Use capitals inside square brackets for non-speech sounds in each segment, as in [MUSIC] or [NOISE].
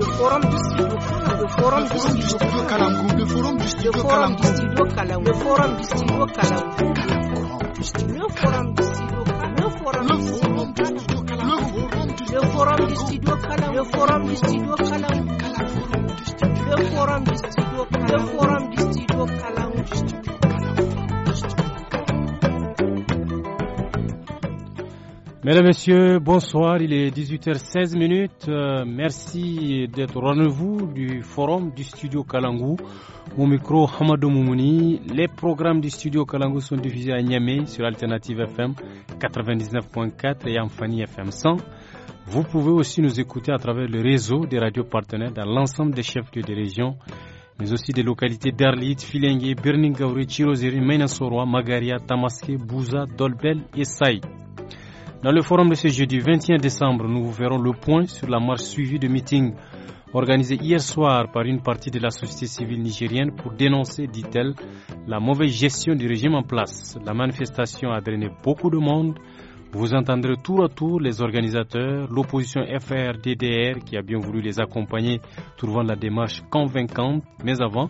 le forum du studio le forum du studio Kalamkou forum du studio Kalamkou forum du studio Kalamkou le forum du studio Kalamkou forum du studio Kalamkou forum du studio Kalamkou forum du studio Kalamkou forum du studio forum Mesdames, Messieurs, bonsoir. Il est 18h16 minutes. Euh, merci d'être au rendez-vous du forum du studio Kalangou. Au micro, Hamadou Moumouni. Les programmes du studio Kalangou sont diffusés à Niamey sur Alternative FM 99.4 et Amphani FM 100. Vous pouvez aussi nous écouter à travers le réseau des radios partenaires dans l'ensemble des chefs-lieux des régions, mais aussi des localités d'Arlit, Filengue, Birningaouri, Chirozeri, Mainasoroa, Magaria, Tamaske, Bouza, Dolbel et Saï. Dans le forum de ce jeudi 21 décembre, nous vous verrons le point sur la marche suivie de meetings organisés hier soir par une partie de la société civile nigérienne pour dénoncer, dit-elle, la mauvaise gestion du régime en place. La manifestation a drainé beaucoup de monde vous entendrez tour à tour les organisateurs, l'opposition FRDDR qui a bien voulu les accompagner, trouvant la démarche convaincante. Mais avant,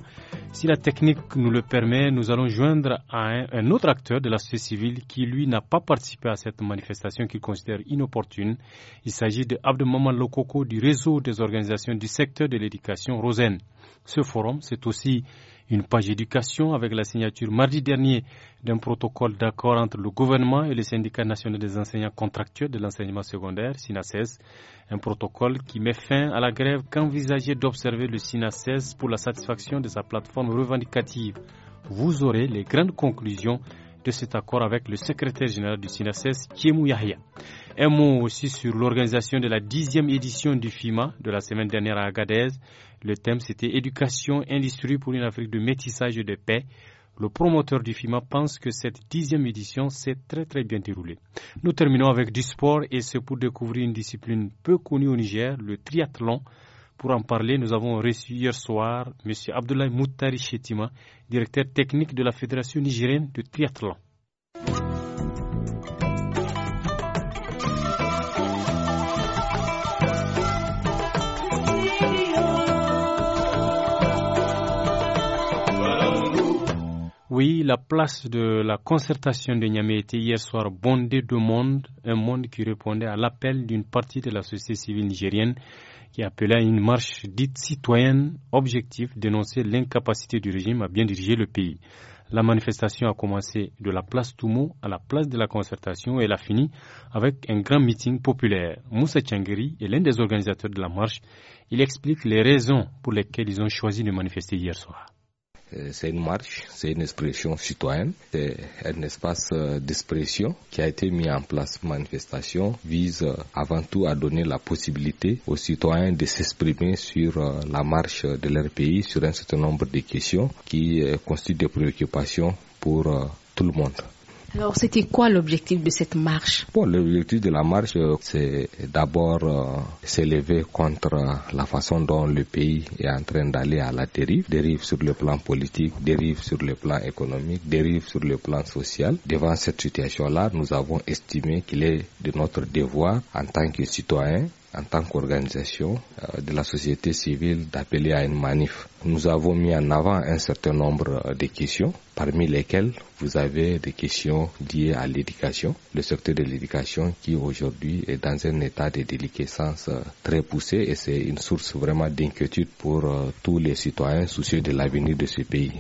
si la technique nous le permet, nous allons joindre à un, autre acteur de la société civile qui, lui, n'a pas participé à cette manifestation qu'il considère inopportune. Il s'agit de Abdelmaman Lokoko du réseau des organisations du secteur de l'éducation Rosen. Ce forum, c'est aussi une page éducation avec la signature mardi dernier d'un protocole d'accord entre le gouvernement et le syndicat national des enseignants contractuels de l'enseignement secondaire, SINACES. Un protocole qui met fin à la grève qu'envisageait d'observer le SINACES pour la satisfaction de sa plateforme revendicative. Vous aurez les grandes conclusions de cet accord avec le secrétaire général du SINACES, Thiemou Yahya. Un mot aussi sur l'organisation de la dixième édition du FIMA de la semaine dernière à Agadez. Le thème, c'était Éducation, industrie pour une Afrique de métissage et de paix. Le promoteur du FIMA pense que cette dixième édition s'est très très bien déroulée. Nous terminons avec du sport et c'est pour découvrir une discipline peu connue au Niger, le triathlon. Pour en parler, nous avons reçu hier soir M. Abdoulaye Moutari Chetima, directeur technique de la Fédération nigérienne de triathlon. Oui, la place de la concertation de Niamey était hier soir bondée de monde, un monde qui répondait à l'appel d'une partie de la société civile nigérienne qui appelait à une marche dite citoyenne objective dénoncer l'incapacité du régime à bien diriger le pays. La manifestation a commencé de la place Toumo à la place de la concertation et elle a fini avec un grand meeting populaire. Moussa Tiangiri est l'un des organisateurs de la marche. Il explique les raisons pour lesquelles ils ont choisi de manifester hier soir. Euh, c'est une marche, c'est une expression citoyenne, c'est un espace euh, d'expression qui a été mis en place. Manifestation vise euh, avant tout à donner la possibilité aux citoyens de s'exprimer sur la marche de leur pays, sur un certain nombre de questions qui constituent des préoccupations pour tout le monde. Alors, c'était quoi l'objectif de cette marche bon, L'objectif de la marche, euh, c'est d'abord euh, s'élever contre euh, la façon dont le pays est en train d'aller à la dérive, dérive sur le plan politique, dérive sur le plan économique, dérive sur le plan social. Devant cette situation-là, nous avons estimé qu'il est de notre devoir, en tant que citoyens, en tant qu'organisation de la société civile d'appeler à une manif. Nous avons mis en avant un certain nombre de questions parmi lesquels vous avez des questions liées à l'éducation, le secteur de l'éducation qui aujourd'hui est dans un état de déliquescence euh, très poussé et c'est une source vraiment d'inquiétude pour euh, tous les citoyens soucieux de l'avenir de ce pays.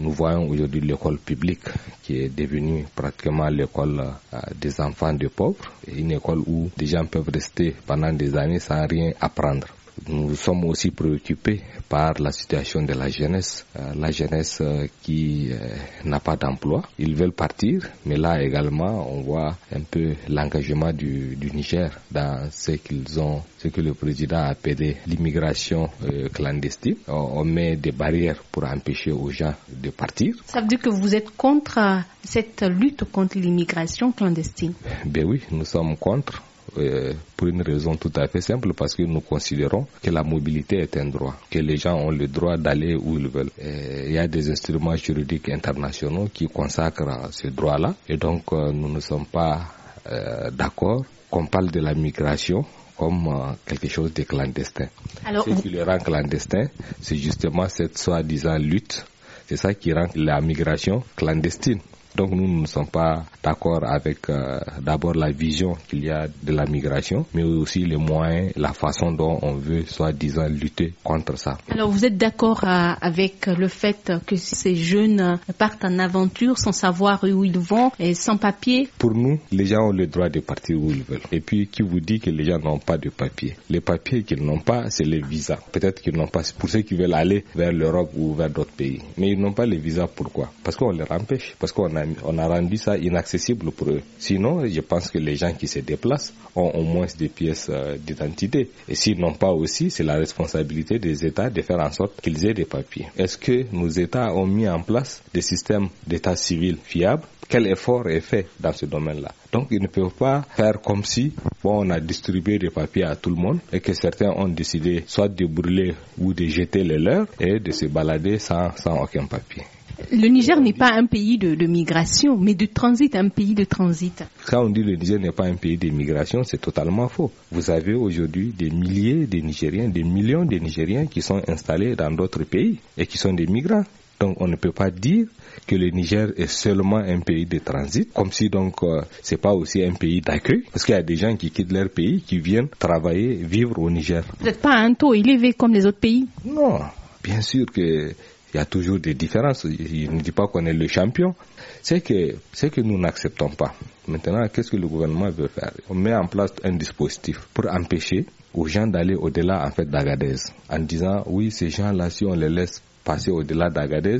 nous voyons aujourd'hui l'école publique qui est devenue pratiquement l'école euh, des enfants de pauvres, une école où des gens peuvent rester pendant des années sans rien apprendre. Nous sommes aussi préoccupés par la situation de la jeunesse, euh, la jeunesse euh, qui euh, n'a pas d'emploi. Ils veulent partir, mais là également, on voit un peu l'engagement du, Niger dans ce qu'ils ont, ce que le président a appelé l'immigration clandestine. On, met des barrières pour empêcher aux gens de partir. Ça veut dire que vous êtes contre cette lutte contre l'immigration clandestine Ben oui, nous sommes contre euh, pour une raison tout à fait simple, parce que nous considérons que la mobilité est un droit, que les gens ont le droit d'aller où ils veulent. Euh, il y a des instruments juridiques internationaux qui consacrent ce droit-là, et donc euh, nous ne sommes pas euh, d'accord qu'on parle de la migration comme quelque chose de clandestin. ce qui le rend clandestin, c'est justement cette soi-disant lutte. C'est ça qui rend la migration clandestine. Donc nous, ne sommes pas d'accord avec euh, d'abord la vision qu'il y a de la migration, mais aussi les moyens, la façon dont on veut soi-disant lutter contre ça. Alors vous êtes d'accord euh, avec le fait que ces jeunes partent en aventure sans savoir où ils vont et sans papier Pour nous, les gens ont le droit de partir où ils veulent. Et puis qui vous dit que les gens n'ont pas de papier Les papiers qu'ils n'ont pas, c'est les visas. Peut-être qu'ils n'ont pas, pour ceux qui veulent aller vers l'Europe ou vers d'autres pays. Mais ils n'ont pas les visas pourquoi Parce qu'on les empêche, parce qu'on a on a rendu ça inaccessible pour eux. Sinon, je pense que les gens qui se déplacent ont au moins des pièces euh, d'identité. Et s'ils n'ont pas aussi, c'est la responsabilité des États de faire en sorte qu'ils aient des papiers. Est-ce que nos États ont mis en place des systèmes d'État civil fiables quel effort est fait dans ce domaine-là. Donc, ils ne peuvent pas faire comme si on a distribué des papiers à tout le monde et que certains ont décidé soit de brûler ou de jeter les leurs et de se balader sans aucun papier. Le Niger n'est pas un pays de, migration, mais de transit, un pays de transit. Quand on dit le Niger n'est pas un pays de migration, c'est totalement faux. Vous avez aujourd'hui des milliers de Nigériens, des millions de Nigériens qui sont installés dans d'autres pays et qui sont des migrants. Donc on ne peut pas dire que le Niger est seulement un pays de transit, comme si donc euh, c'est pas aussi un pays d'accueil, parce qu'il y a des gens qui quittent leur pays, qui viennent travailler, vivre au Niger. Vous n'êtes pas un taux élevé comme les autres pays Non, bien sûr que il y a toujours des différences. il ne dit pas qu'on est le champion. C'est que, c'est que nous n'acceptons pas. Maintenant, qu'est-ce que le gouvernement veut faire On met en place un dispositif pour empêcher aux gens d'aller au-delà en fait d'Agadez, en disant oui, ces gens-là, si on les laisse passer au-delà d'Agadez,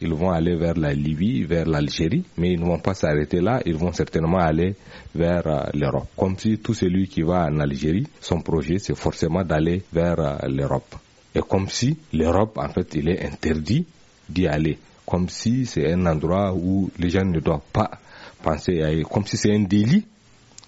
ils vont aller vers la Libye, vers l'Algérie, mais ils ne vont pas s'arrêter là, ils vont certainement aller vers euh, l'Europe. Comme si tout celui qui va en Algérie, son projet, c'est forcément d'aller vers euh, l'Europe. Et comme si l'Europe, en fait, il est interdit d'y aller. Comme si c'est un endroit où les gens ne doivent pas penser à aller. Comme si c'est un délit,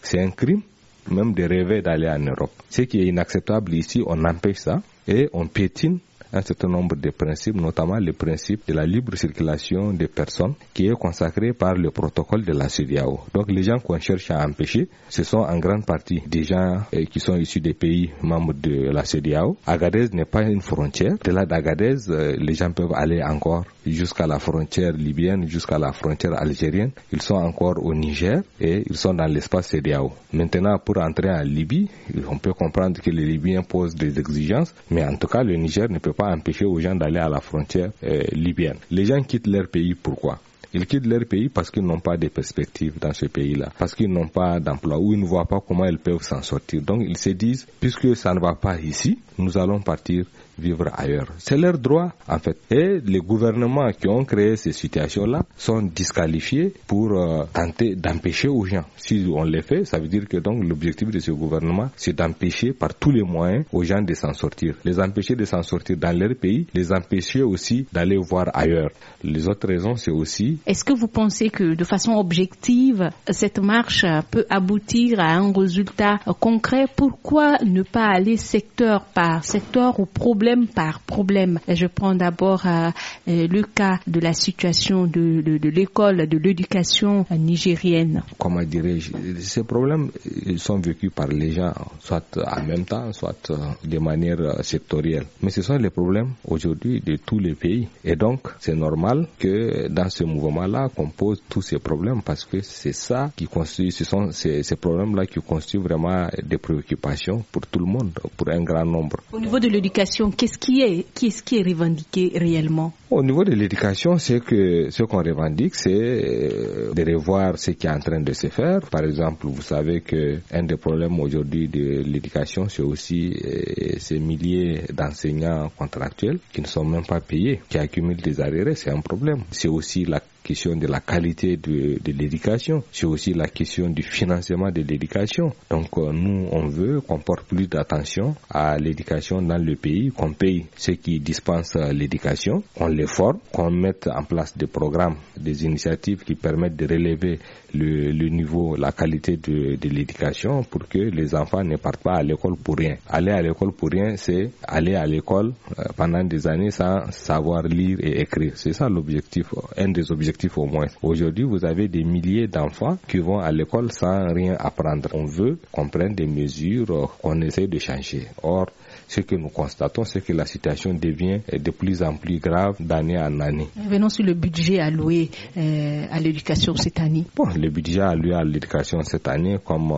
c'est un crime, même de rêver d'aller en Europe. Ce qui est inacceptable ici, on empêche ça et on piétine un certain nombre de principes, notamment le principe de la libre circulation des personnes qui est consacré par le protocole de la CEDEAO. Donc les gens qu'on cherche à empêcher, ce sont en grande partie des gens euh, qui sont issus des pays membres de la CEDEAO. Agadez n'est pas une frontière. De là d'Agadez, euh, les gens peuvent aller encore jusqu'à la frontière libyenne, jusqu'à la frontière algérienne. Ils sont encore au Niger et ils sont dans l'espace CEDEAO. Maintenant, pour entrer en Libye, on peut comprendre que les Libyens posent des exigences, mais en tout cas, le Niger ne peut pas empêcher aux gens d'aller à la frontière euh, libyenne. Les gens quittent leur pays pourquoi ils quittent leur pays parce qu'ils n'ont pas de perspectives dans ce pays-là, parce qu'ils n'ont pas d'emploi ou ils ne voient pas comment ils peuvent s'en sortir. Donc ils se disent, puisque ça ne va pas ici, nous allons partir vivre ailleurs. C'est leur droit, en fait. Et les gouvernements qui ont créé ces situations-là sont disqualifiés pour euh, tenter d'empêcher aux gens. Si on les fait, ça veut dire que donc l'objectif de ce gouvernement, c'est d'empêcher par tous les moyens aux gens de s'en sortir. Les empêcher de s'en sortir dans leur pays, les empêcher aussi d'aller voir ailleurs. Les autres raisons, c'est aussi... Est-ce que vous pensez que de façon objective, cette marche peut aboutir à un résultat concret Pourquoi ne pas aller secteur par secteur ou problème problème par problème. Je prends d'abord euh, euh, le cas de la situation de, l'école, de l'éducation nigérienne. Comment dirais-je Ces problèmes sont vécus par les gens, soit en même temps, soit euh, de manière sectorielle. Mais ce sont les problèmes aujourd'hui de tous les pays. Et donc, c'est normal que dans ce mouvement-là, qu'on pose tous ces problèmes parce que c'est ça qui constitue, ce sont ces, ces problèmes-là qui constituent vraiment des préoccupations pour tout le monde, pour un grand nombre. Au niveau de l'éducation, qu'est-ce qui est, qui est revendiqué réellement Au niveau de l'éducation, c'est que ce qu'on revendique, c'est euh, de revoir ce qui est en train de se faire. Par exemple, vous savez que un des problèmes aujourd'hui de l'éducation, c'est aussi euh, ces milliers d'enseignants contractuels qui ne sont même pas payés, qui accumulent des arriérés, c'est un problème. C'est aussi la question de la qualité de, l'éducation, c'est aussi la question du financement de l'éducation. Donc euh, nous, on veut qu'on porte plus d'attention à l'éducation dans le pays, qu'on paye ceux qui dispensent l'éducation, qu'on les forme, qu'on mette en place des programmes, des initiatives qui permettent de relever le, niveau, la qualité de l'éducation pour que les enfants ne partent pas à l'école pour rien. Aller à l'école pour rien, c'est aller à l'école euh, pendant des années sans savoir lire et écrire. C'est ça l'objectif, un des objectifs au moins. Aujourd'hui, vous avez des milliers d'enfants qui vont à l'école sans rien apprendre. On veut qu'on prenne des mesures, euh, qu'on essaie de changer. Or, ce que nous constatons, c'est que la situation devient euh, de plus en plus grave d'année en année. Venons sur le budget alloué euh, à l'éducation cette année. Bon, le budget alloué à l'éducation cette année, comme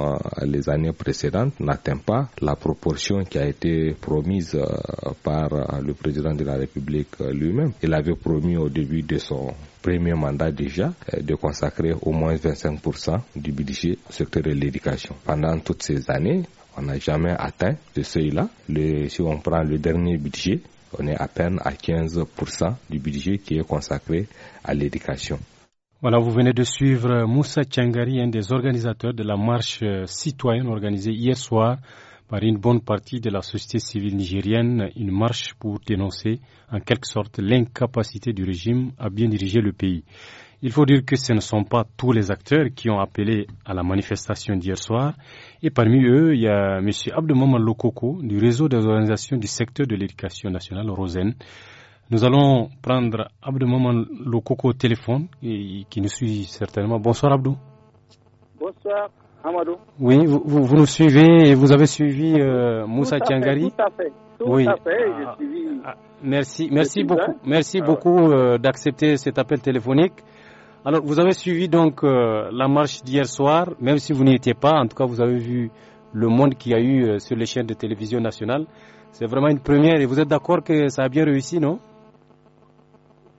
les années précédentes, n'atteint pas la proportion qui a été promise par le président de la République lui-même. Il avait promis au début de son premier mandat déjà euh, de consacrer au moins 25% du budget au secteur de l'éducation. Pendant toutes ces années, on n'a jamais atteint ce seuil-là. Si on prend le dernier budget, on est à peine à 15% du budget qui est consacré à l'éducation. Voilà, vous venez de suivre Moussa Tchangari, un des organisateurs de la marche euh, citoyenne organisée hier soir par une bonne partie de la société civile nigérienne une marche pour dénoncer en quelque sorte l'incapacité du régime à bien diriger le pays. Il faut dire que ce ne sont pas tous les acteurs qui ont appelé à la manifestation d'hier soir. Et parmi eux, il y a M. Abdelmaman Lokoko du réseau des organisations du secteur de l'éducation nationale, Rosen. Nous allons prendre Abdelmaman Lokoko au téléphone et qui nous suit certainement. Bonsoir Abdou. Bonsoir. Oui, vous, vous, nous suivez et vous avez suivi euh, Moussa Tiangari. Tout à fait. Tout à fait, ah, ah, merci, merci beaucoup, merci ah beaucoup euh, d'accepter cet appel téléphonique. Alors, vous avez suivi donc euh, la marche d'hier soir, même si vous n'y étiez pas, en tout cas, vous avez vu le monde qu'il y a eu sur les chaînes de télévision nationale. C'est vraiment une première et vous êtes d'accord que ça a bien réussi, non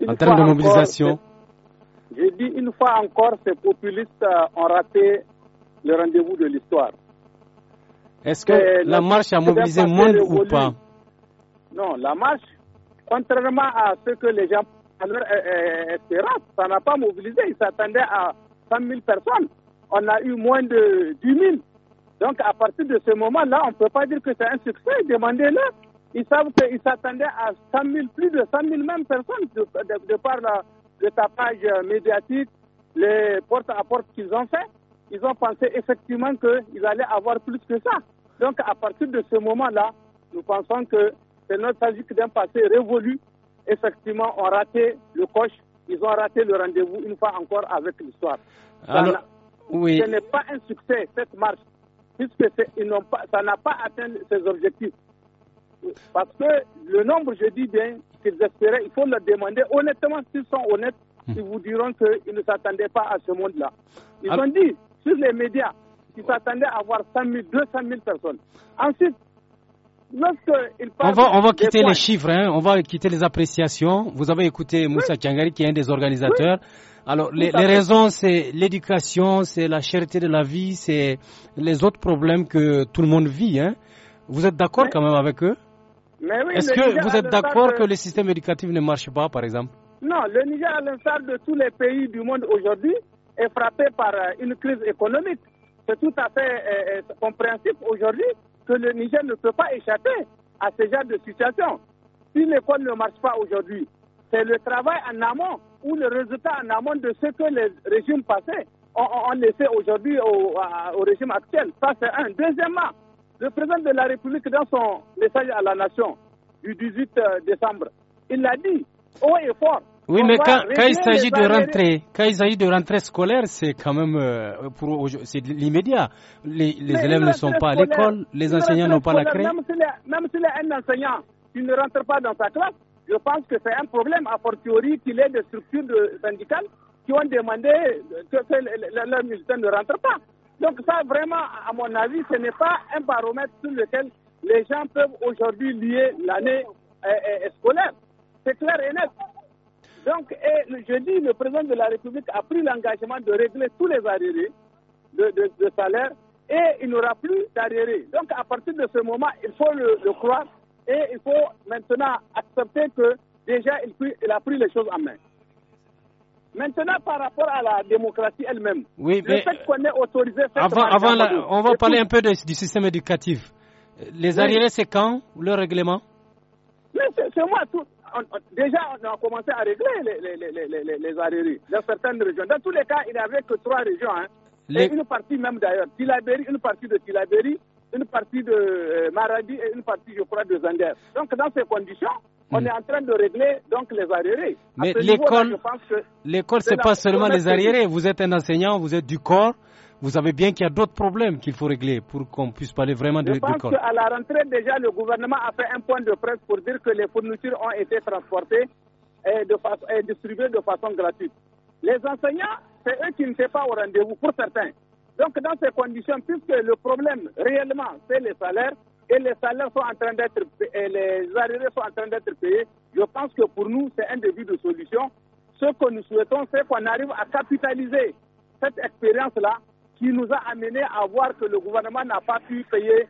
En termes de mobilisation. J'ai dit une fois encore, ces populistes ont raté le rendez-vous de l'histoire. Est-ce que la marche a mobilisé moins ou pas Non, la marche, contrairement à ce que les gens euh, euh, espéraient, ça n'a pas mobilisé. Ils s'attendaient à 100 000 personnes. On a eu moins de 10 000. Donc, à partir de ce moment-là, on ne peut pas dire que c'est un succès. Demandez-le. Ils savent qu'ils s'attendaient à 100 000, plus de 100 000 même personnes de, par le tapage médiatique, les portes à porte qu'ils ont fait ils ont pensé effectivement qu'ils allaient avoir plus que ça. Donc à partir de ce moment-là, nous pensons que c'est nostalgique d'un passé révolu. Effectivement, ont raté le coche, ils ont raté le rendez-vous une fois encore avec l'histoire. Alors, oui. Ce n'est pas un succès, cette marche, puisque ils pas, ça n'a pas atteint ses objectifs. Parce que le nombre, je dis bien, qu'ils espéraient, il faut leur demander honnêtement s'ils sont honnêtes, hmm. ils vous diront qu'ils ne s'attendaient pas à ce monde-là. Ils ah. ont dit, les médias qui s'attendaient à voir 100 000, 200 000 personnes. Ensuite, lorsqu'il parle. On va, quitter les chiffres, hein. on va quitter les appréciations. Vous avez écouté Moussa Tiangari, qui est un des organisateurs. Alors, les, raisons, c'est l'éducation, c'est la cherté de la vie, c'est les autres problèmes que tout le monde vit. Hein. Vous êtes d'accord quand même avec eux oui, Est-ce que vous êtes d'accord que le système éducatif ne marche pas, par exemple Non, le Niger, à l'instar de tous les pays du monde aujourd'hui, est frappé par euh, une crise économique. C'est tout à fait euh, euh, compréhensible aujourd'hui que le Niger ne peut pas échapper à ce genre de situation. Si l'école ne marche pas aujourd'hui, c'est le travail en amont ou le résultat en amont de ce que les régimes passés ont, laissé aujourd'hui au, au, régime actuel. Ça, c'est un. Deuxièmement, le président de la République, dans son message à la nation du 18 décembre, il a dit haut et fort oui, mais quand, il s'agit de rentrée, quand il s'agit de rentrée scolaire, c'est quand même euh, pour c'est l'immédiat. Les, élèves ne sont pas à l'école, les enseignants n'ont pas la craie. Même s'il si a un enseignant qui ne rentre pas dans sa classe, je pense que c'est un problème, a fortiori qu'il ait des structures syndicales qui ont demandé que, leurs ne rentrent pas. Donc ça, vraiment, à mon avis, ce n'est pas un baromètre sur lequel les gens peuvent aujourd'hui lier l'année euh, euh, scolaire. C'est clair et net. Donc, et, jeudi, le président de la République a pris l'engagement de régler tous les arriérés de, salaire et il n'aura plus d'arriérés. Donc, à partir de ce moment, il faut le, croire et il faut maintenant accepter que déjà, il, a pris les choses en main. Maintenant, par rapport à la démocratie elle-même, oui, le fait qu'on ait autorisé cette avant, on va parler un peu du système éducatif. Les arriérés, c'est quand le règlement Mais c'est moi, tout, déjà, on a commencé à régler les, les, dans certaines régions. Dans tous les cas, il n'y avait que trois régions. Hein. une partie même d'ailleurs, une partie de Tilaberi, une partie de euh, Maradi et une partie, je crois, de Zander. Donc, dans ces conditions, on hmm. est en train de régler donc les arriérés. Mais l'école, ce n'est pas seulement les arriérés. Vous êtes un enseignant, vous êtes du corps vous savez bien qu'il y a d'autres problèmes qu'il faut régler pour qu'on puisse parler vraiment de Je pense qu'à la rentrée, déjà, le gouvernement a fait un point de presse pour dire que les fournitures ont été transportées et, de et distribuées de façon gratuite. Les enseignants, c'est eux qui ne sont pas au rendez-vous, pour certains. Donc, dans ces conditions, puisque le problème réellement, c'est les salaires, et les salaires sont en train d'être, les arriérés sont en train d'être payés, je pense que pour nous, c'est un début de solution. Ce que nous souhaitons, c'est qu'on arrive à capitaliser cette expérience-là qui nous a amené à voir que le gouvernement n'a pas pu payer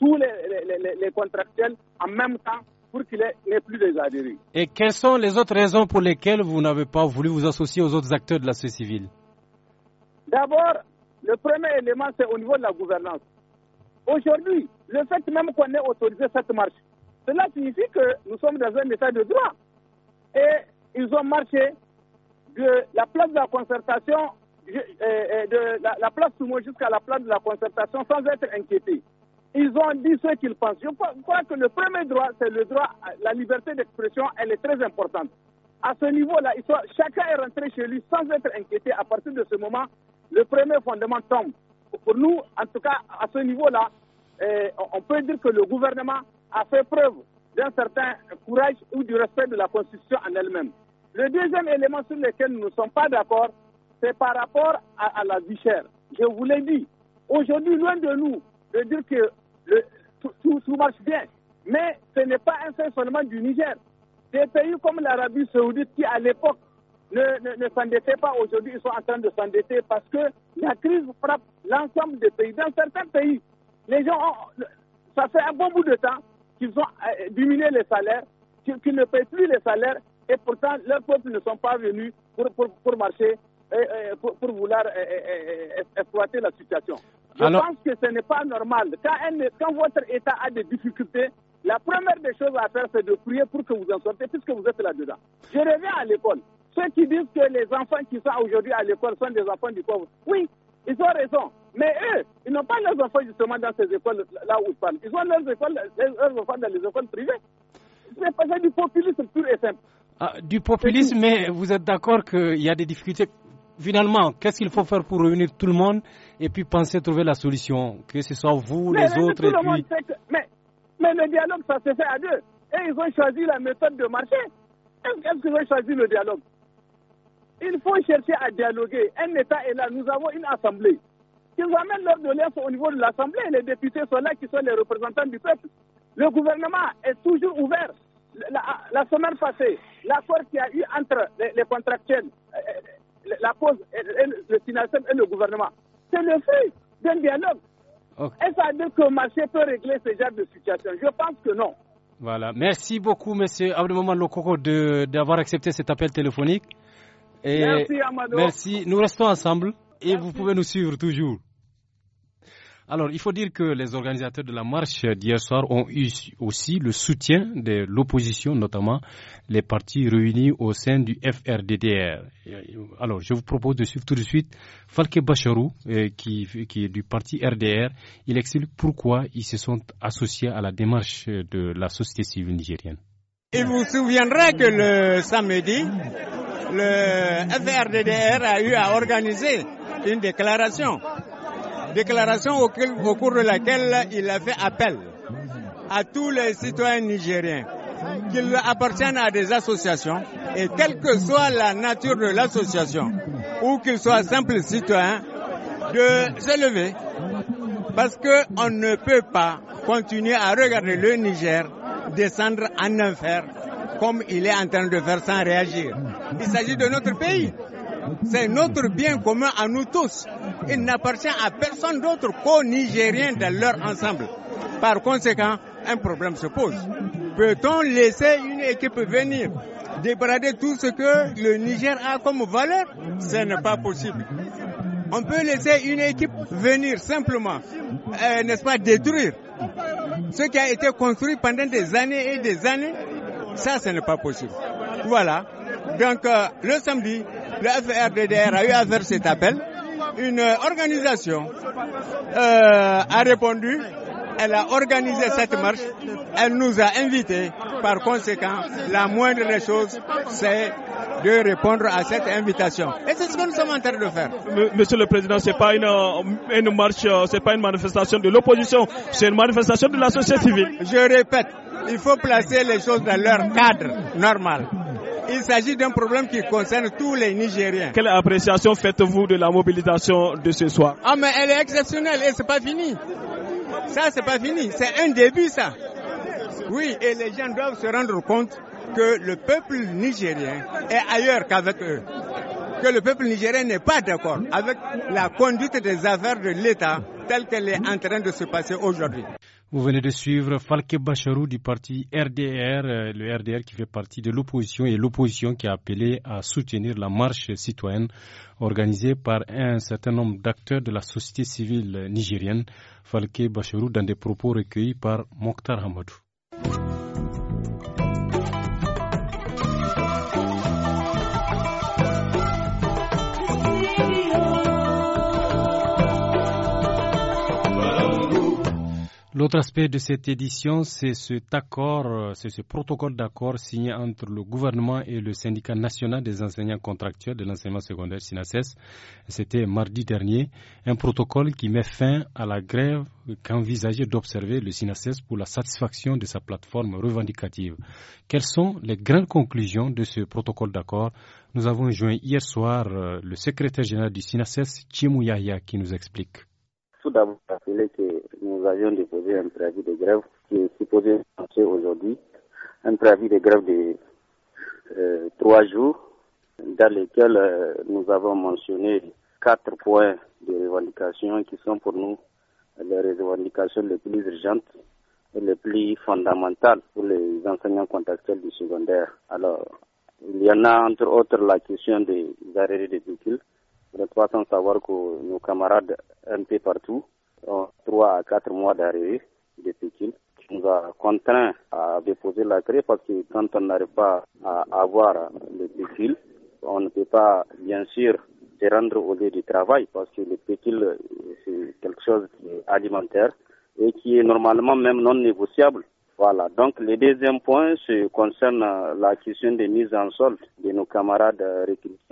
tous les, contractuels en même temps pour qu'il n'ait plus les adhérents. Et quelles sont les autres raisons pour lesquelles vous n'avez pas voulu vous associer aux autres acteurs de la société civile D'abord, le premier élément, c'est au niveau de la gouvernance. Aujourd'hui, le fait même qu'on ait autorisé cette marche, cela signifie que nous sommes dans un état de droit. Et ils ont marché de la place de la concertation euh, euh, de la, la place moi jusqu'à la place de la concertation sans être inquiété. Ils ont dit ce qu'ils pensent. Je crois que le premier droit, c'est le droit, la liberté d'expression, elle est très importante. À ce niveau-là, chacun est rentré chez lui sans être inquiété. À partir de ce moment, le premier fondement tombe. Pour nous, en tout cas, à ce niveau-là, euh, on peut dire que le gouvernement a fait preuve d'un certain courage ou du respect de la Constitution en elle-même. Le deuxième élément sur lequel nous ne sommes pas d'accord, c'est par rapport à, la vie chère. Je vous l'ai dit, aujourd'hui, loin de nous de dire que tout, marche bien, mais ce n'est pas un seul seulement du Niger. Des pays comme l'Arabie saoudite qui, à l'époque, ne, ne, s'endettaient pas, aujourd'hui, ils sont en train de s'endetter parce que la crise frappe l'ensemble des pays. Dans certains pays, les gens ça fait un bon bout de temps qu'ils ont euh, diminué les salaires, qu'ils ne payent plus les salaires, et pourtant leurs peuples ne sont pas venus pour marcher pour, vouloir exploiter la situation. Je pense que ce n'est pas normal. Quand, quand votre État a des difficultés, la première des choses à faire, c'est de prier pour que vous en sortez, puisque vous êtes là-dedans. Je reviens à l'école. Ceux qui disent que les enfants qui sont aujourd'hui à l'école sont des enfants du pauvre, oui, ils ont raison. Mais eux, ils n'ont pas leurs enfants justement dans ces écoles là où ils parlent. Ils ont leurs, enfants dans les écoles privées. C'est pas du populisme tout et simple. Ah, du populisme, mais vous êtes d'accord qu'il y a des difficultés finalement, qu'est-ce qu'il faut faire pour réunir tout le monde et puis penser trouver la solution, que ce soit vous, les autres. et puis... Mais, le dialogue, ça se fait à deux. Et ils ont choisi la méthode de marché. Est-ce qu'ils ont choisi le dialogue Il faut chercher à dialoguer. Un État est là, nous avons une assemblée. Qu'ils amènent leurs doléances au niveau de l'assemblée. Les députés sont là, qui sont les représentants du peuple. Le gouvernement est toujours ouvert. La, semaine passée, l'accord qu'il y a eu entre les, les contractuels, la cause, le financement et le gouvernement. C'est le fruit d'un dialogue. Est-ce à dire que le marché peut régler ce genre de situation Je pense que non. Voilà. Merci beaucoup, monsieur Abdelmaman Lokoko, d'avoir accepté cet appel téléphonique. merci, Amado. Merci. Nous restons ensemble et vous pouvez nous suivre toujours. Alors, il faut dire que les organisateurs de la marche d'hier soir ont eu aussi le soutien de l'opposition, notamment les partis réunis au sein du FRDDR. Alors, je vous propose de suivre tout de suite Falke Bacharou, euh, qui, est du parti RDR. Il explique pourquoi ils se sont associés à la démarche de la société civile nigérienne. Il vous souviendra que le samedi, le FRDDR a eu à organiser une déclaration déclaration au cours de laquelle il a fait appel à tous les citoyens nigériens qu'ils appartiennent à des associations et quelle que soit la nature de l'association ou qu'ils soient simples citoyens de se lever parce que on ne peut pas continuer à regarder le Niger descendre en enfer comme il est en train de faire sans réagir. Il s'agit de notre pays. C'est notre bien commun à nous tous. Il n'appartient à personne d'autre qu'aux Nigériens dans leur ensemble. Par conséquent, un problème se pose. Peut-on laisser une équipe venir débrader tout ce que le Niger a comme valeur Ce n'est pas possible. On peut laisser une équipe venir simplement, euh, n'est-ce pas, détruire ce qui a été construit pendant des années et des années. Ça, ce n'est pas possible. Voilà. Donc, euh, le samedi, le FRDDR a eu à faire cet appel. Une euh, organisation euh, a répondu, elle a organisé cette marche, elle nous a invités. Par conséquent, la moindre des choses, c'est de répondre à cette invitation. Et c'est ce que nous sommes en train de faire. Monsieur le Président, ce n'est pas une, euh, une marche, ce n'est pas une manifestation de l'opposition, c'est une manifestation de la société civile. Je répète, il faut placer les choses dans leur cadre normal. Il s'agit d'un problème qui concerne tous les Nigériens. Quelle appréciation faites-vous de la mobilisation de ce soir Ah mais elle est exceptionnelle et c'est pas fini. Ça c'est pas fini, c'est un début ça. Oui, et les gens doivent se rendre compte que le peuple nigérien est ailleurs qu'avec eux. Que le peuple nigérien n'est pas d'accord avec la conduite des affaires de l'État telle qu'elle est en train de se passer aujourd'hui. Vous venez de suivre Falke Bacharou du parti RDR, euh, le RDR qui fait partie de l'opposition et l'opposition qui a appelé à soutenir la marche citoyenne organisée par un certain nombre d'acteurs de la société civile nigérienne. Falke Bacharou dans des propos recueillis par Mokhtar Hamadou. L'autre aspect de cette édition, c'est cet accord, euh, c'est ce protocole d'accord signé entre le gouvernement et le syndicat national des enseignants contractuels de l'enseignement secondaire SINACES. C'était mardi dernier. Un protocole qui met fin à la grève qu'envisageait d'observer le SINACES pour la satisfaction de sa plateforme revendicative. Quelles sont les grandes conclusions de ce protocole d'accord Nous avons joint hier soir euh, le secrétaire général du SINACES, Chimou Yahya, qui nous explique. Tout d'abord, rappeler que nous avions déposé un préavis de grève qui est supposé lancer aujourd'hui, un préavis de grève de euh, trois jours, dans lequel euh, nous avons mentionné quatre points de revendication qui sont pour nous les revendications les plus urgentes et les plus fondamentales pour les enseignants contractuels du secondaire. Alors, il y en a entre autres la question des arrêts de véhicules, de toute sans savoir que nos camarades un peu partout ont trois à quatre mois d'arrivée de Pékin nous a contraint à déposer la crée parce que quand on n'arrive pas à avoir le pétiles, on ne peut pas, bien sûr, se rendre au lieu du travail parce que le pétiles c'est quelque chose d'alimentaire alimentaire et qui est normalement même non négociable. Voilà. Donc, le deuxième point, se concerne la question des mises en solde de nos camarades recrutés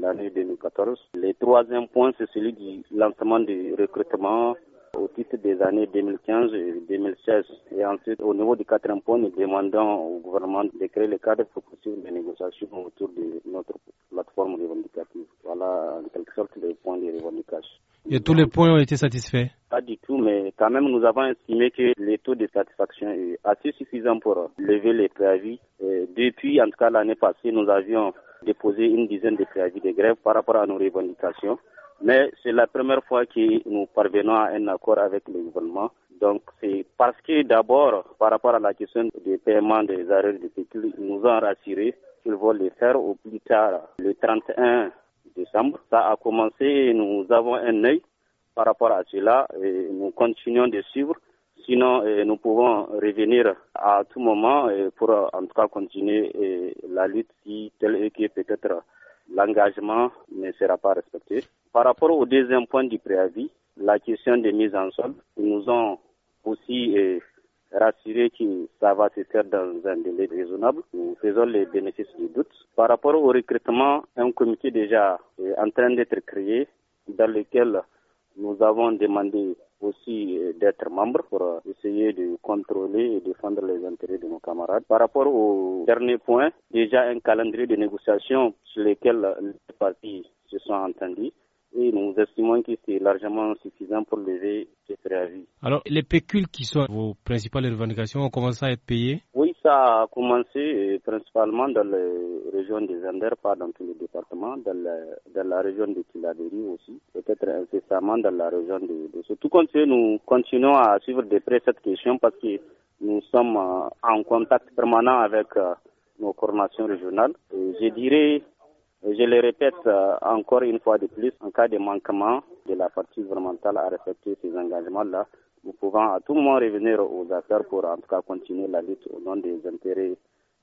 l'année 2014. Le troisième point, c'est celui du lancement du recrutement au titre des années 2015 et 2016. Et ensuite, au niveau des quatre points, nous demandons au gouvernement de créer le cadre pour poursuivre les négociations autour de notre plateforme revendicative. Voilà, en quelque sorte, les points de revendication. Et tous les points ont été satisfaits Pas du tout, mais quand même, nous avons estimé que les taux de satisfaction est assez suffisant pour lever les préavis. depuis, en tout cas, l'année passée, nous avions déposé une dizaine de préavis de grève par rapport à nos revendications. Mais c'est la première fois que nous parvenons à un accord avec le gouvernement. Donc c'est parce que d'abord, par rapport à la question des paiement des arrêts de véhicules, nous ont rassurés qu'ils vont le faire au plus tard le 31 décembre. Ça a commencé et nous avons un œil par rapport à cela et nous continuons de suivre. Sinon, eh, nous pouvons revenir à tout moment eh, pour en tout cas continuer eh, la lutte si tel est que peut-être l'engagement ne sera pas respecté. Par rapport au deuxième point du préavis, la question des mises en solde, ils nous ont aussi euh, rassuré que ça va se faire dans un délai raisonnable. Nous faisons les bénéfices du doute. Par rapport au recrutement, un comité déjà en train d'être créé dans lequel nous avons demandé aussi euh, d'être membres pour euh, essayer de contrôler et défendre les intérêts de nos camarades. Par rapport au dernier point, déjà un calendrier de négociation sur lequel euh, les parties se sont entendus et nous estimons que c'est largement suffisant pour lever à vie. Alors, les pécules qui sont vos principales revendications ont commencé à être payées Oui, ça a commencé euh, principalement dans la région des Anders, pas dans tous les départements, dans la, région de Tiladeri aussi, peut-être incessamment dans la région de, Tout compte fait, nous continuons à suivre de près cette question parce que nous sommes en contact permanent avec euh, nos formations régionales. je dirais je le répète euh, encore une fois de plus, en cas de manquement de la partie gouvernementale à respecter ces engagements-là, nous pouvons à tout moment revenir aux affaires pour en tout cas continuer la lutte au nom des intérêts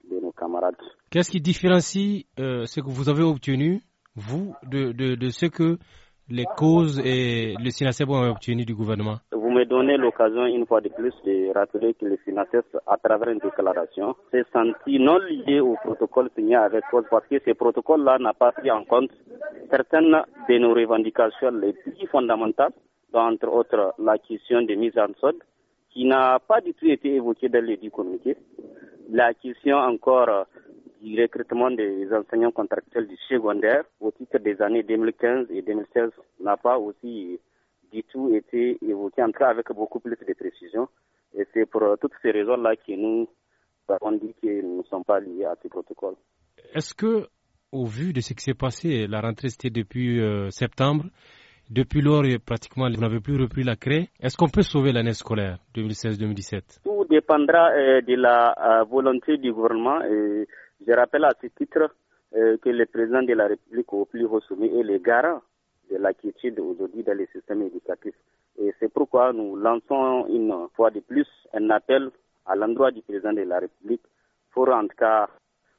de nos camarades. Qu'est-ce qui différencie euh, ce que vous avez obtenu, vous, de ce que les causes et le SINACEP ont obtenu du gouvernement Vous me donnez l'occasion une fois de plus de rappeler que le finances, à travers une déclaration, s'est senti non lié au protocole signé avec cause parce que ce protocole-là n'a pas pris en compte certaines de nos revendications les plus fondamentales, entre autres la question de mise en solde, qui n'a pas du tout été évoquée dans les dix communiqués, la question encore du recrutement des enseignants contractuels du secondaire au titre des années 2015 et 2016 n'a pas aussi du tout été évoqué, en tout avec beaucoup plus de précision. Et c'est pour euh, toutes ces raisons-là que nous avons bah, dit que nous ne sommes pas liés à ce protocole. Est-ce que, au vu de ce qui s'est passé, la rentrée c'était depuis euh, septembre, depuis lors, pratiquement, vous n'avez plus repris la craie. Est-ce qu'on peut sauver l'année scolaire 2016-2017 Tout dépendra euh, de la volonté du gouvernement. Et je rappelle à ce titre euh, que le président de la République au plus haut sommet est le garant de la quiétude aujourd'hui dans le système éducatif. Et c'est pourquoi nous lançons une fois de plus un appel à l'endroit du président de la République pour en tout cas,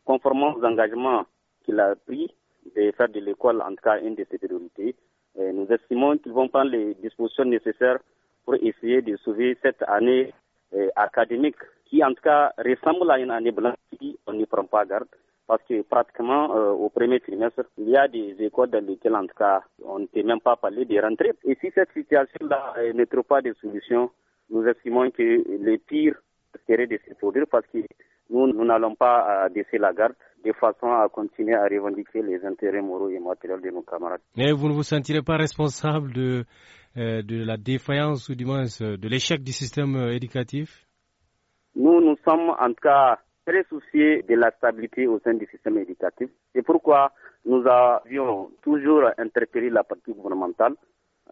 conformément aux engagements qu'il a pris, de faire de l'école en tout cas une de ses priorités. nous estimons qu'ils vont prendre les dispositions nécessaires pour essayer de sauver cette année euh, académique qui en tout cas ressemble à une année blanche si on n'y prend pas garde. Parce que pratiquement euh, au premier trimestre, il y a des écoles dans lesquelles en tout cas on ne peut même pas parler des rentrée. Et si cette situation-là euh, ne trouve pas de solution, nous estimons que le pire serait de se produire parce que nous, nous n'allons pas euh, baisser la garde de façon à continuer à revendiquer les intérêts moraux et matériels de nos camarades. Mais vous ne vous sentirez pas responsable de, de la défaillance ou du moins de l'échec du système éducatif nous, nous sommes en tout cas très souciés de la stabilité au sein du système éducatif. C'est pourquoi nous avions toujours interpellé la partie gouvernementale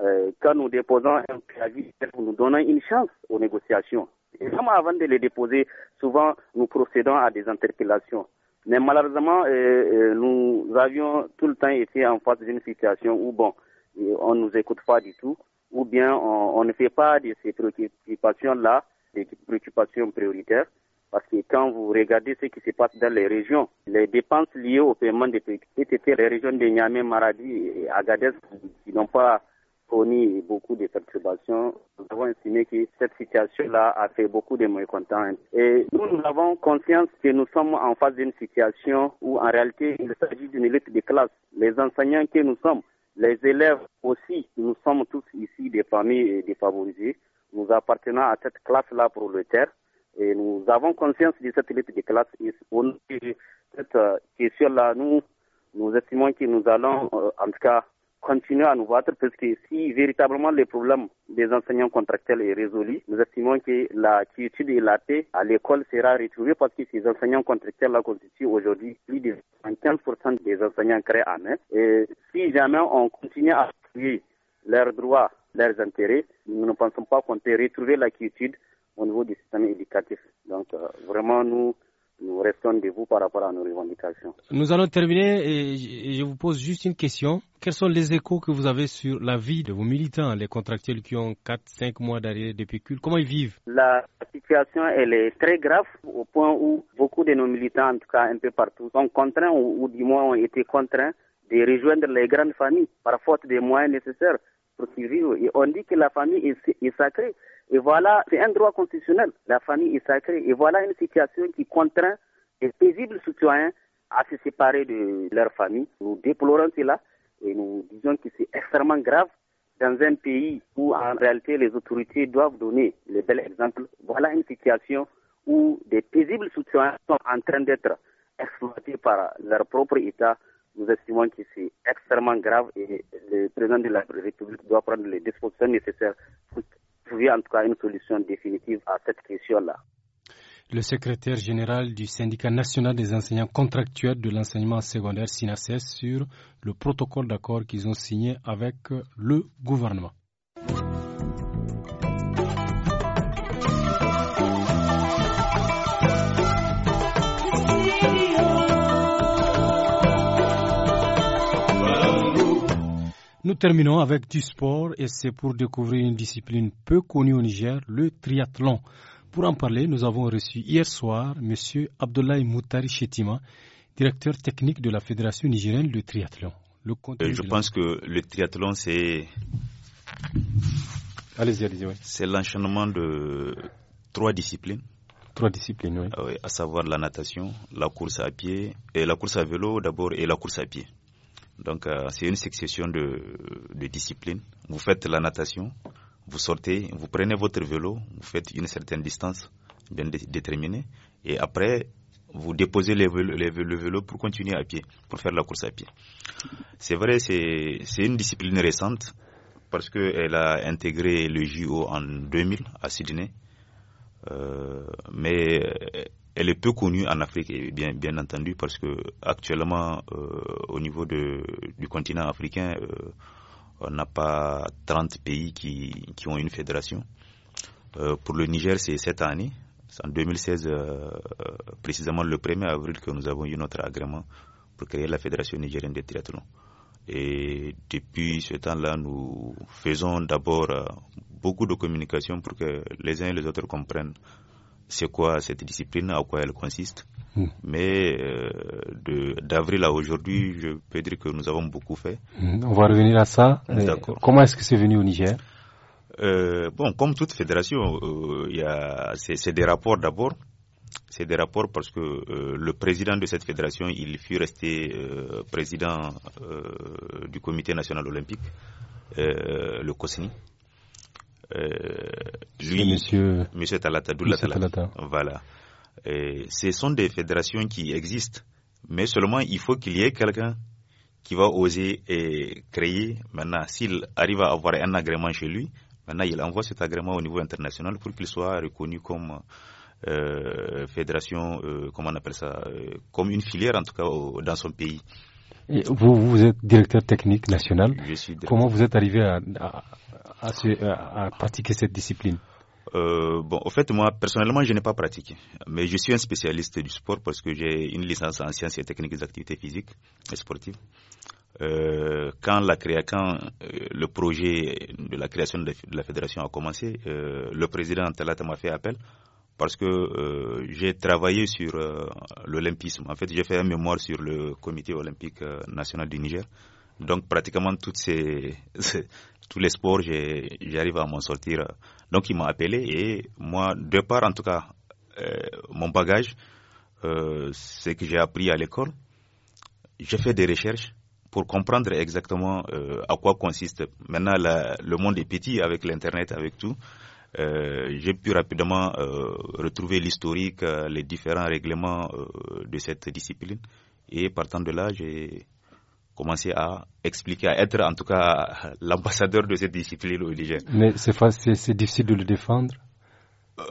euh, quand nous déposons un préavis, nous donnons une chance aux négociations. Et même avant de les déposer, souvent nous procédons à des interpellations. Mais malheureusement, euh, euh nous avions tout le temps été en face d'une situation où, bon, euh, on ne nous écoute pas du tout, ou bien on, on ne fait pas de ces préoccupations-là des préoccupations prioritaires. Parce que quand vous regardez ce qui se passe dans les régions, les dépenses liées au paiement des PTT, les régions de Niamey, Maradi et Agadez, qui n'ont pas fourni beaucoup de perturbations, nous avons estimé que cette situation-là a fait beaucoup de mécontents. Et nous, nous avons conscience que nous sommes en face d'une situation où, en réalité, il s'agit d'une lutte de classe. Les enseignants que nous sommes, les élèves aussi, nous sommes tous ici des familles défavorisées. Nous appartenons à cette classe-là prolétaire et nous avons conscience de cette lutte de classe. Et sur cette euh, question-là, nous, nous estimons que nous allons, euh, en tout cas, continuer à nous battre parce que si véritablement les problèmes des enseignants contractuels est résolu, nous estimons que la quiétude et la paix à l'école sera retrouvée parce que ces enseignants contractuels la constituent aujourd'hui plus de 15% des enseignants créés en Et si jamais on continue à appuyer leurs droits leurs intérêts. Nous ne pensons pas qu'on peut retrouver la au niveau du système éducatif. Donc euh, vraiment, nous, nous restons vous par rapport à nos revendications. Nous allons terminer et je vous pose juste une question. Quels sont les échos que vous avez sur la vie de vos militants, les contractuels qui ont 4-5 mois d'arrêt de pécule Comment ils vivent La situation, elle est très grave au point où beaucoup de nos militants, en tout cas un peu partout, sont contraints ou, ou du moins ont été contraints de rejoindre les grandes familles par faute des moyens nécessaires. Et on dit que la famille est, sacrée. Et voilà, c'est un droit constitutionnel. La famille est sacrée. Et voilà une situation qui contraint les paisibles citoyens à se séparer de leur famille. Nous déplorons cela et nous disons que c'est extrêmement grave dans un pays où en réalité les autorités doivent donner le bel exemple. Voilà une situation où des paisibles citoyens sont en train d'être exploités par leur propre État nous estimons que c'est extrêmement grave et le président de la République doit prendre les dispositions nécessaires pour trouver en tout cas une solution définitive à cette question-là. Le secrétaire général du syndicat national des enseignants contractuels de l'enseignement secondaire SINACES sur le protocole d'accord qu'ils ont signé avec le gouvernement. Nous terminons avec du sport et c'est pour découvrir une discipline peu connue au Niger, le triathlon. Pour en parler, nous avons reçu hier soir M. Abdoulaye Moutari Chetima, directeur technique de la Fédération nigérienne de triathlon. Euh, je pense que le triathlon, c'est. C'est l'enchaînement de trois disciplines. Trois disciplines, ah À savoir la natation, la course à pied, et la course à vélo d'abord et la course à pied. Donc, euh, c'est une succession de, disciplines. Vous faites la natation, vous sortez, vous prenez votre vélo, vous faites une certaine distance bien déterminée, et après, vous déposez le vélo, pour continuer à pied, pour faire la course à pied. C'est vrai, c'est une discipline récente, parce qu'elle a intégré le JO en 2000 à Sydney, euh, mais elle est peu connue en Afrique, et bien, bien entendu, parce que actuellement, euh, au niveau du continent africain, euh, on n'a pas 30 pays qui, ont une fédération. Euh, pour le Niger, c'est cette année, c'est en 2016, précisément le 1er avril, que nous avons eu notre agrément pour créer la Fédération nigérienne de triathlon. Et depuis ce temps-là, nous faisons d'abord beaucoup de communication pour que les uns et les autres comprennent c'est quoi cette discipline, à quoi elle consiste. Hmm. Mais euh, d'avril à aujourd'hui, je peux dire que nous avons beaucoup fait. Hmm. On va revenir à ça. Comment est-ce que c'est venu au Niger euh, Bon, comme toute fédération, euh, c'est des rapports d'abord. C'est des rapports parce que le président de cette fédération, il fut resté président du Comité national olympique, le COSNI. Euh, lui, monsieur, monsieur Talata, Talata. Voilà. ce sont des fédérations qui existent, mais seulement il faut qu'il y ait quelqu'un qui va oser euh, créer. Maintenant, s'il arrive à avoir un agrément chez lui, maintenant il envoie cet agrément au niveau international pour qu'il soit reconnu comme euh, fédération, comment on appelle ça, comme une filière en tout cas dans son pays. Vous, êtes directeur technique national. Comment vous êtes arrivé à, pratiquer cette discipline euh, en fait, moi, personnellement, je n'ai pas pratiqué. Mais je suis un spécialiste du sport parce que j'ai une licence en sciences et techniques des activités physiques et sportives. Euh, quand la euh, le projet de la création de la fédération a commencé, euh, le président Talat m'a fait appel parce que euh, j'ai travaillé sur euh, l'olympisme. En fait, j'ai fait un mémoire sur le comité olympique euh, national du Niger. Donc, pratiquement [LAUGHS] tous les sports, j'arrive à m'en sortir. Donc, il m'a appelé et moi, de part en tout cas, mon bagage, ce que j'ai appris à l'école, j'ai fait des recherches pour comprendre exactement à quoi consiste. Maintenant, le monde est petit avec l'Internet, avec tout. Euh, j'ai pu rapidement euh, retrouver l'historique, euh, les différents règlements de cette discipline. Et partant de là, j'ai commencé à expliquer, à être en tout cas [LAUGHS] l'ambassadeur de cette discipline au Niger. Mais c'est difficile de le défendre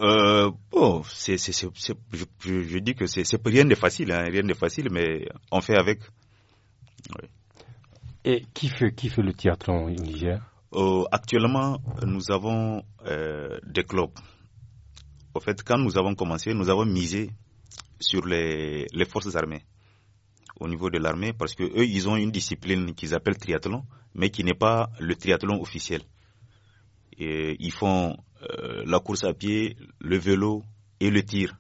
euh, Bon, je, dis que c'est rien de facile, hein, rien de facile, mais on fait avec. Et qui fait, qui fait le théâtre au Niger euh, actuellement, nous avons euh, des clubs. Au fait, quand nous avons commencé, nous avons misé sur les, forces armées au niveau de l'armée parce que ils ont une discipline qu'ils appellent triathlon, mais qui n'est pas le triathlon officiel. Et ils font euh, la course à pied, le vélo et le tir.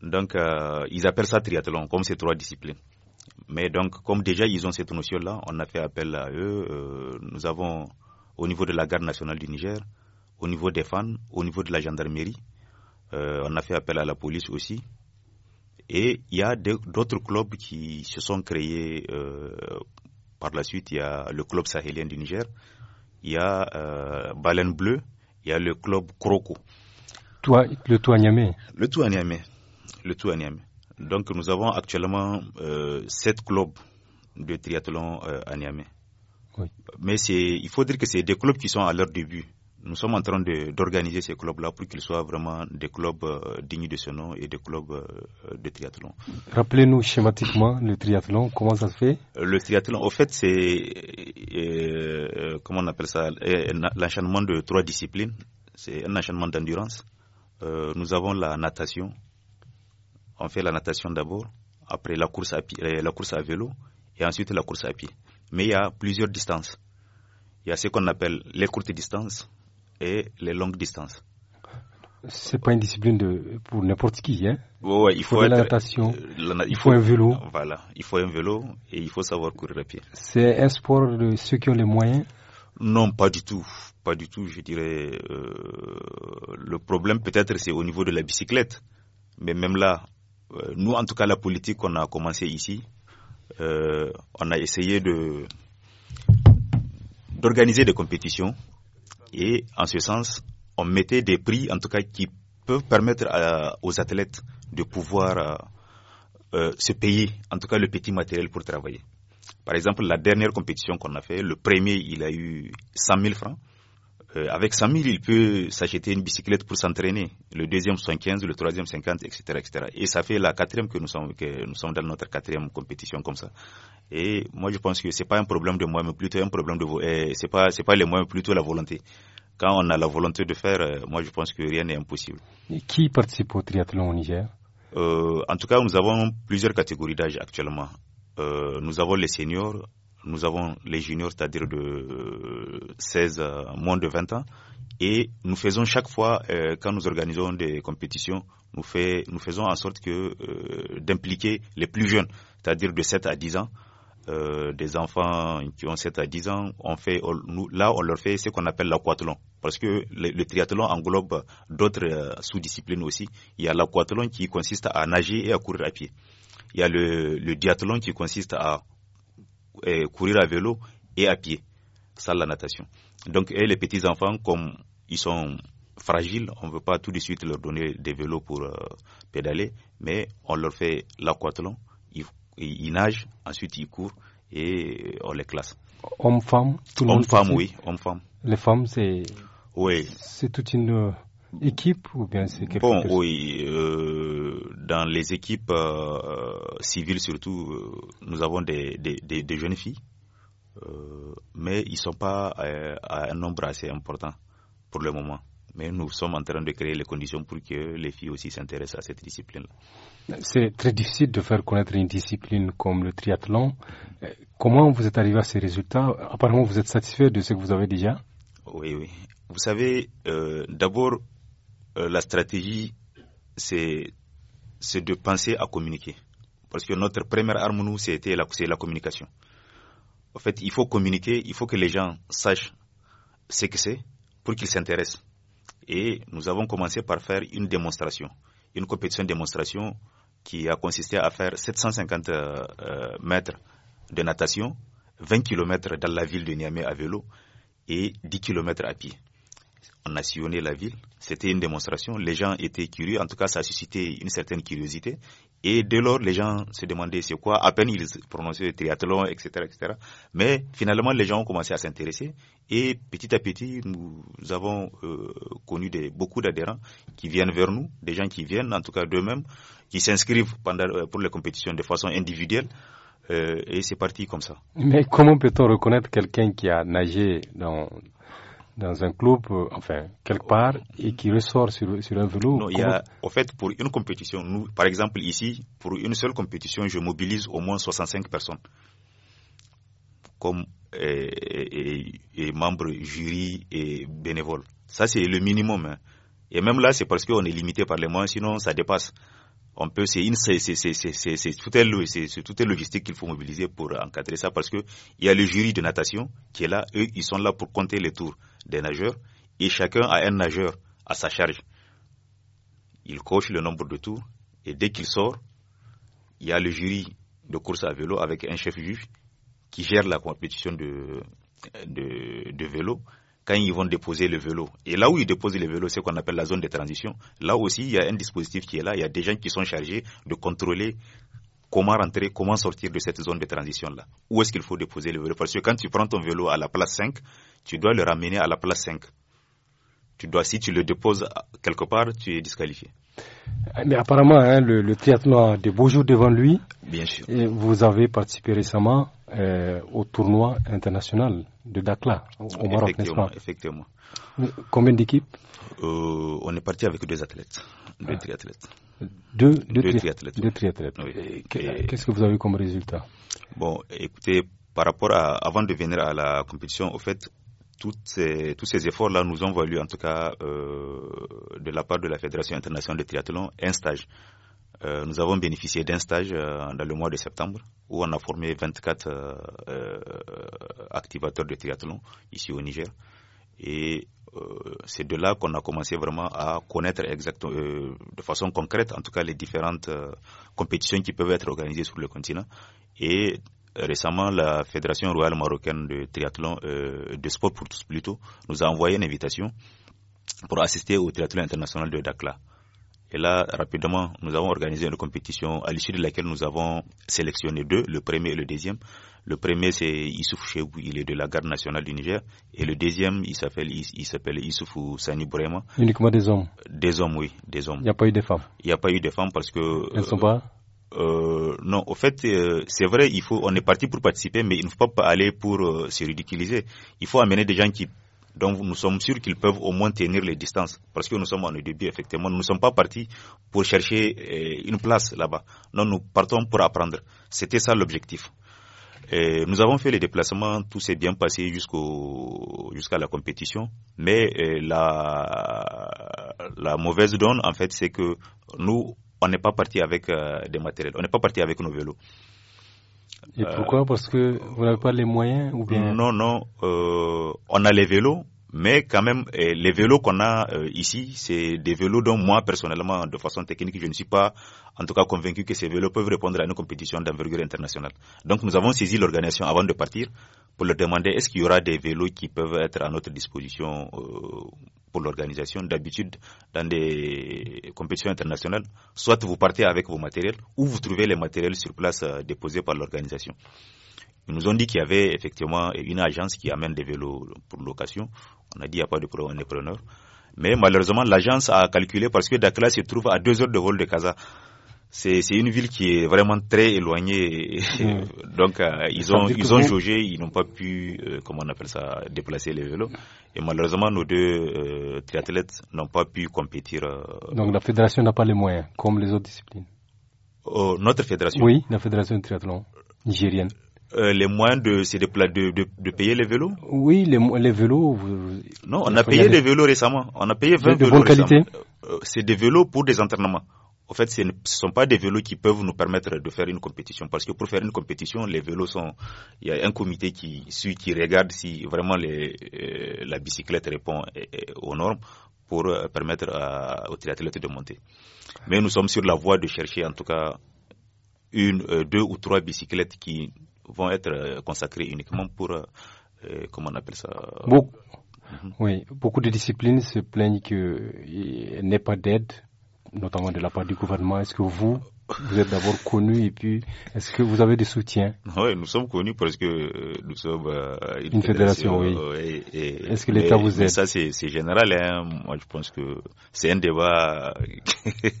Donc, ils appellent ça triathlon, comme ces trois disciplines. Mais donc, comme déjà ils ont cette notion-là, on a fait appel à eux. nous avons au niveau de la garde nationale du Niger, au niveau des fans, au niveau de la gendarmerie. Euh, on a fait appel à la police aussi. Et il y a d'autres clubs qui se sont créés euh, par la suite. Il y a le club sahélien du Niger, il y a euh, Baleine Bleue, il y a le club Croco. Toi, le Niamey Le tout Le Niamey Donc nous avons actuellement sept clubs de triathlon à Niamey. Mais il faut dire que c'est des clubs qui sont à leur début. Nous sommes en train d'organiser ces clubs-là pour qu'ils soient vraiment des clubs euh, dignes de ce nom et des clubs euh, de triathlon. Rappelez-nous schématiquement le triathlon, comment ça se fait euh, Le triathlon, au fait, c'est, comment on appelle ça, l'enchaînement de trois disciplines. C'est un enchaînement d'endurance. nous avons la natation. On fait la natation d'abord, après la course, à la course à vélo et ensuite la course à pied. Mais il y a plusieurs distances. Il y a ce qu'on appelle les courtes distances et les longues distances. n'est pas une discipline de, pour n'importe qui, hein. il, faut, être, euh, la il, faut, un vélo. Voilà, il faut un vélo et il faut savoir courir à pied. C'est un sport de ceux qui ont les moyens. Non, pas du tout, pas du tout. Je dirais euh, le problème peut-être c'est au niveau de la bicyclette, mais même là, euh, nous en tout cas la politique qu'on a commencé ici, euh, on a essayé de d'organiser des compétitions et en ce sens, on mettait des prix en tout cas qui peuvent permettre aux athlètes de pouvoir euh, euh, se payer en tout cas le petit matériel pour travailler. Par exemple, la dernière compétition qu'on a fait, le premier, il a eu 100 000 francs. Euh, avec 100 000, il peut s'acheter une bicyclette pour s'entraîner. Le deuxième 75, le troisième 50, etc., etc. Et ça fait la quatrième que nous sommes, que nous sommes dans notre quatrième compétition comme ça. Et moi, je pense que c'est pas un problème de moi, mais plutôt un problème de euh, c'est pas c'est pas les moyens, plutôt la volonté. Quand on a la volonté de faire, euh, moi, je pense que rien n'est impossible. Et qui participe au triathlon au Niger euh, En tout cas, nous avons plusieurs catégories d'âge actuellement. nous avons les seniors, nous avons les juniors, c'est-à-dire de 16, moins de 20 ans. Et nous faisons chaque fois, euh, quand nous organisons des compétitions, nous, nous faisons en sorte que euh, d'impliquer les plus jeunes, c'est-à-dire de 7 à 10 ans, euh, des enfants qui ont 7 à 10 ans, on fait, nous, là, on leur fait ce qu'on appelle l'aquathlon. Parce que le, triathlon englobe d'autres sous-disciplines aussi. Il y a l'aquathlon qui consiste à nager et à courir à pied. Il y a le, le diathlon qui consiste à eh, courir à vélo et à pied, ça la natation. Donc, et les petits-enfants, comme ils sont fragiles, on ne veut pas tout de suite leur donner des vélos pour euh, pédaler, mais on leur fait l'aquathlon, ils, ils, nagent, ensuite ils courent et on les classe. Hommes-femmes, tout le Hommes, monde. femmes oui, hommes femme. Les femmes, c'est. Oui. C'est toute une euh, équipe ou bien c'est quelque Bon, oui, euh, dans les équipes euh, civiles surtout, euh, nous avons des, des, jeunes filles, mais ils ne sont pas à, un nombre assez important pour le moment. Mais nous sommes en train de créer les conditions pour que les filles aussi s'intéressent à cette discipline C'est très difficile de faire connaître une discipline comme le triathlon. Comment vous êtes arrivé à ces résultats Apparemment, vous êtes satisfait de ce que vous avez déjà Oui, oui. Vous savez, d'abord, euh, la stratégie, c'est de penser à communiquer. Parce que notre première arme, nous, c'était la, communication. En fait, il faut communiquer, il faut que les gens sachent ce que c'est pour qu'ils s'intéressent. Et nous avons commencé par faire une démonstration, une compétition de démonstration qui a consisté à faire 750 euh, euh, mètres de natation, 20 km dans la ville de Niamey à vélo et 10 km à pied on a sillonné la ville. C'était une démonstration. Les gens étaient curieux. En tout cas, ça a suscité une certaine curiosité. Et dès lors, les gens se demandaient c'est quoi. À peine ils prononçaient le triathlon, etc., etc. Mais finalement, les gens ont commencé à s'intéresser. Et petit à petit, nous avons euh, connu beaucoup d'adhérents qui viennent vers nous, des gens qui viennent, en tout cas d'eux-mêmes, qui s'inscrivent euh, pour les compétitions de façon individuelle. Euh, et c'est parti comme ça. Mais comment peut-on reconnaître quelqu'un qui a nagé dans dans un club, euh, enfin, quelque part, et qui ressort sur, sur un vélo. Non, il y a, au fait, pour une compétition, nous, par exemple, ici, pour une seule compétition, je mobilise au moins 65 personnes. Comme membres jury et bénévoles. Ça, c'est le minimum. Hein. Et même là, c'est parce qu'on est limité par les moyens, sinon ça dépasse. On peut, c'est une, c'est, c'est, logistique qu'il faut mobiliser pour encadrer ça parce qu'il y a le jury de natation qui est là, eux, ils sont là pour compter les tours des nageurs et chacun a un nageur à sa charge. Il coche le nombre de tours et dès qu'il sort, il y a le jury de course à vélo avec un chef juge qui gère la compétition de, de, vélo quand ils vont déposer le vélo. Et là où ils déposent le vélo, c'est ce qu'on appelle la zone de transition. Là aussi, il y a un dispositif qui est là. Il y a des gens qui sont chargés de contrôler comment rentrer, comment sortir de cette zone de transition-là. Où est-ce qu'il faut déposer le vélo Parce que quand tu prends ton vélo à la place 5, tu dois le ramener à la place 5. Tu dois, si tu le déposes quelque part, tu es disqualifié. Mais apparemment, hein, le, triathlon a de beaux jours devant lui. Bien sûr. vous avez participé récemment euh, au tournoi international de Dakla, au Maroc, Effectivement. effectivement. Combien d'équipes euh, On est parti avec deux athlètes, deux ah. triathlètes. Deux, triathlètes. Deux triathlètes. Qu'est-ce que vous avez comme résultat Bon, écoutez, par rapport à, avant de venir à la compétition, au fait, tous ces efforts-là nous ont valu, en tout cas, euh, de la part de la Fédération internationale de triathlon, un stage. Euh, nous avons bénéficié d'un stage euh, dans le mois de septembre où on a formé 24 activateurs de triathlon ici au Niger. Et c'est de là qu'on a commencé vraiment à connaître exactement, de façon concrète, en tout cas, les différentes compétitions qui peuvent être organisées sur le continent. Et récemment, la Fédération royale marocaine de triathlon, euh, de sport pour tous plutôt, nous a envoyé une invitation pour assister au triathlon international de Dakla. Et là, rapidement, nous avons organisé une compétition à l'issue de laquelle nous avons sélectionné deux, le premier et le deuxième. Le premier, c'est Issouf Chebou, il est de la garde nationale du Niger. Et le deuxième, il s'appelle il s'appelle Sani Bourema. Uniquement des hommes Des hommes, oui, des hommes. Il n'y a pas eu de femmes Il n'y a pas eu de femmes parce que... Elles ne sont pas euh, non, au fait, euh, c'est vrai, il faut, on est parti pour participer, mais il ne faut pas aller pour euh, se ridiculiser. Il faut amener des gens qui, dont nous sommes sûrs qu'ils peuvent au moins tenir les distances, parce que nous sommes en début, effectivement. Nous ne sommes pas partis pour chercher une place là-bas. Non, nous partons pour apprendre. C'était ça l'objectif. nous avons fait les déplacements, tout s'est bien passé jusqu'au jusqu'à la compétition, mais la la mauvaise donne en fait c'est que nous on n'est pas parti avec euh, des matériels, on n'est pas parti avec nos vélos. Et euh, pourquoi Parce que vous n'avez pas les moyens ou bien... Non, non, euh, on a les vélos, mais quand même, eh, les vélos qu'on a euh, ici, c'est des vélos dont moi, personnellement, de façon technique, je ne suis pas en tout cas convaincu que ces vélos peuvent répondre à nos compétitions d'envergure internationale. Donc nous avons saisi l'organisation avant de partir pour leur demander est-ce qu'il y aura des vélos qui peuvent être à notre disposition euh, pour l'organisation. D'habitude, dans des compétitions internationales, soit vous partez avec vos matériels ou vous trouvez les matériels sur place euh, déposés par l'organisation. Ils nous ont dit qu'il y avait effectivement une agence qui amène des vélos pour location. On a dit qu'il n'y a pas de preneur. Mais malheureusement, l'agence a calculé parce que Dakar se trouve à deux heures de vol de Casa. C'est une ville qui est vraiment très éloignée. Mmh. [LAUGHS] Donc, euh, ils ont, ils ont jaugé, ils n'ont pas pu, euh, comment on appelle ça, déplacer les vélos. Et malheureusement, nos deux euh, triathlètes n'ont pas pu compétir. Donc, la fédération n'a pas les moyens, comme les autres disciplines. Oh, notre fédération Oui, la fédération de triathlon nigérienne. Euh, les moyens de, de, de, de, payer les vélos Oui, les, les vélos. non, on a payé des vélos récemment. On a payé 20 de, vélos. qualité euh, C'est des vélos pour des entraînements. En fait, ce ne sont pas des vélos qui peuvent nous permettre de faire une compétition. Parce que pour faire une compétition, les vélos sont. Il y a un comité qui suit, qui regarde si vraiment les, euh, la bicyclette répond aux normes pour permettre aux triathlètes de monter. Mais nous sommes sur la voie de chercher en tout cas une, deux ou trois bicyclettes qui vont être euh, consacrés uniquement pour, euh, euh, comment on appelle ça mhm. Oui, beaucoup de disciplines se plaignent qu'il n'y ait pas d'aide, notamment de la part du gouvernement. Est-ce que vous, vous êtes d'abord connu et puis est-ce que vous avez des soutiens Oui, nous sommes connus parce que nous sommes une, fédération. Est-ce que l'État vous aide Ça, c'est général. Hein. Moi, je pense que c'est un débat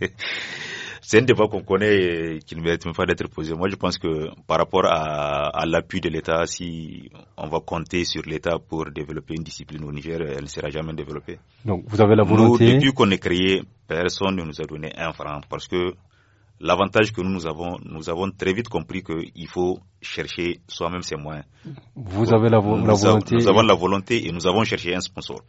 [LAUGHS] c'est un débat qu'on connaît et qui ne mérite même pas d'être posé. Moi, je pense que par rapport à, l'appui de l'État, si on va compter sur l'État pour développer une discipline au Niger, elle ne sera jamais développée. Donc, vous avez la volonté. depuis qu'on est créé, personne ne nous a donné un franc parce que l'avantage que nous, avons, nous avons très vite compris qu'il faut chercher soi-même ses moyens. Vous avez la, volonté. nous avons la volonté et nous avons cherché un sponsor.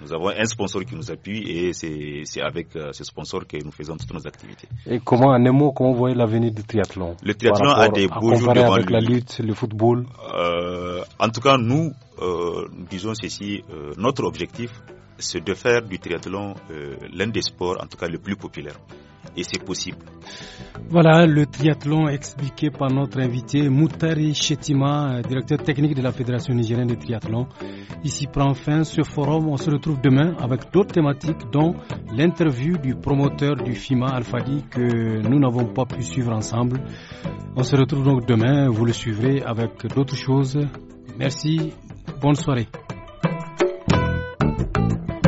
Nous avons un sponsor qui nous appuie et c'est avec euh, ce sponsor que nous faisons toutes nos activités. Et comment, en un mot, comment vous voyez l'avenir du triathlon Le triathlon a des beaux jours devant avec lui. la lutte, le football euh, En tout cas, nous, euh, disons ceci, notre objectif, c'est de faire du triathlon euh, l'un des sports, en tout cas le plus populaire. Et c'est possible. Voilà le triathlon expliqué par notre invité Moutari Chetima, euh, directeur technique de la Fédération nigérienne de triathlon. Ici prend fin ce forum. On se retrouve demain avec d'autres thématiques, dont l'interview du promoteur du FIMA Al-Fadi que nous n'avons pas pu suivre ensemble. On se retrouve donc demain. Vous le suivrez avec d'autres choses. Merci. Bonne soirée. うん。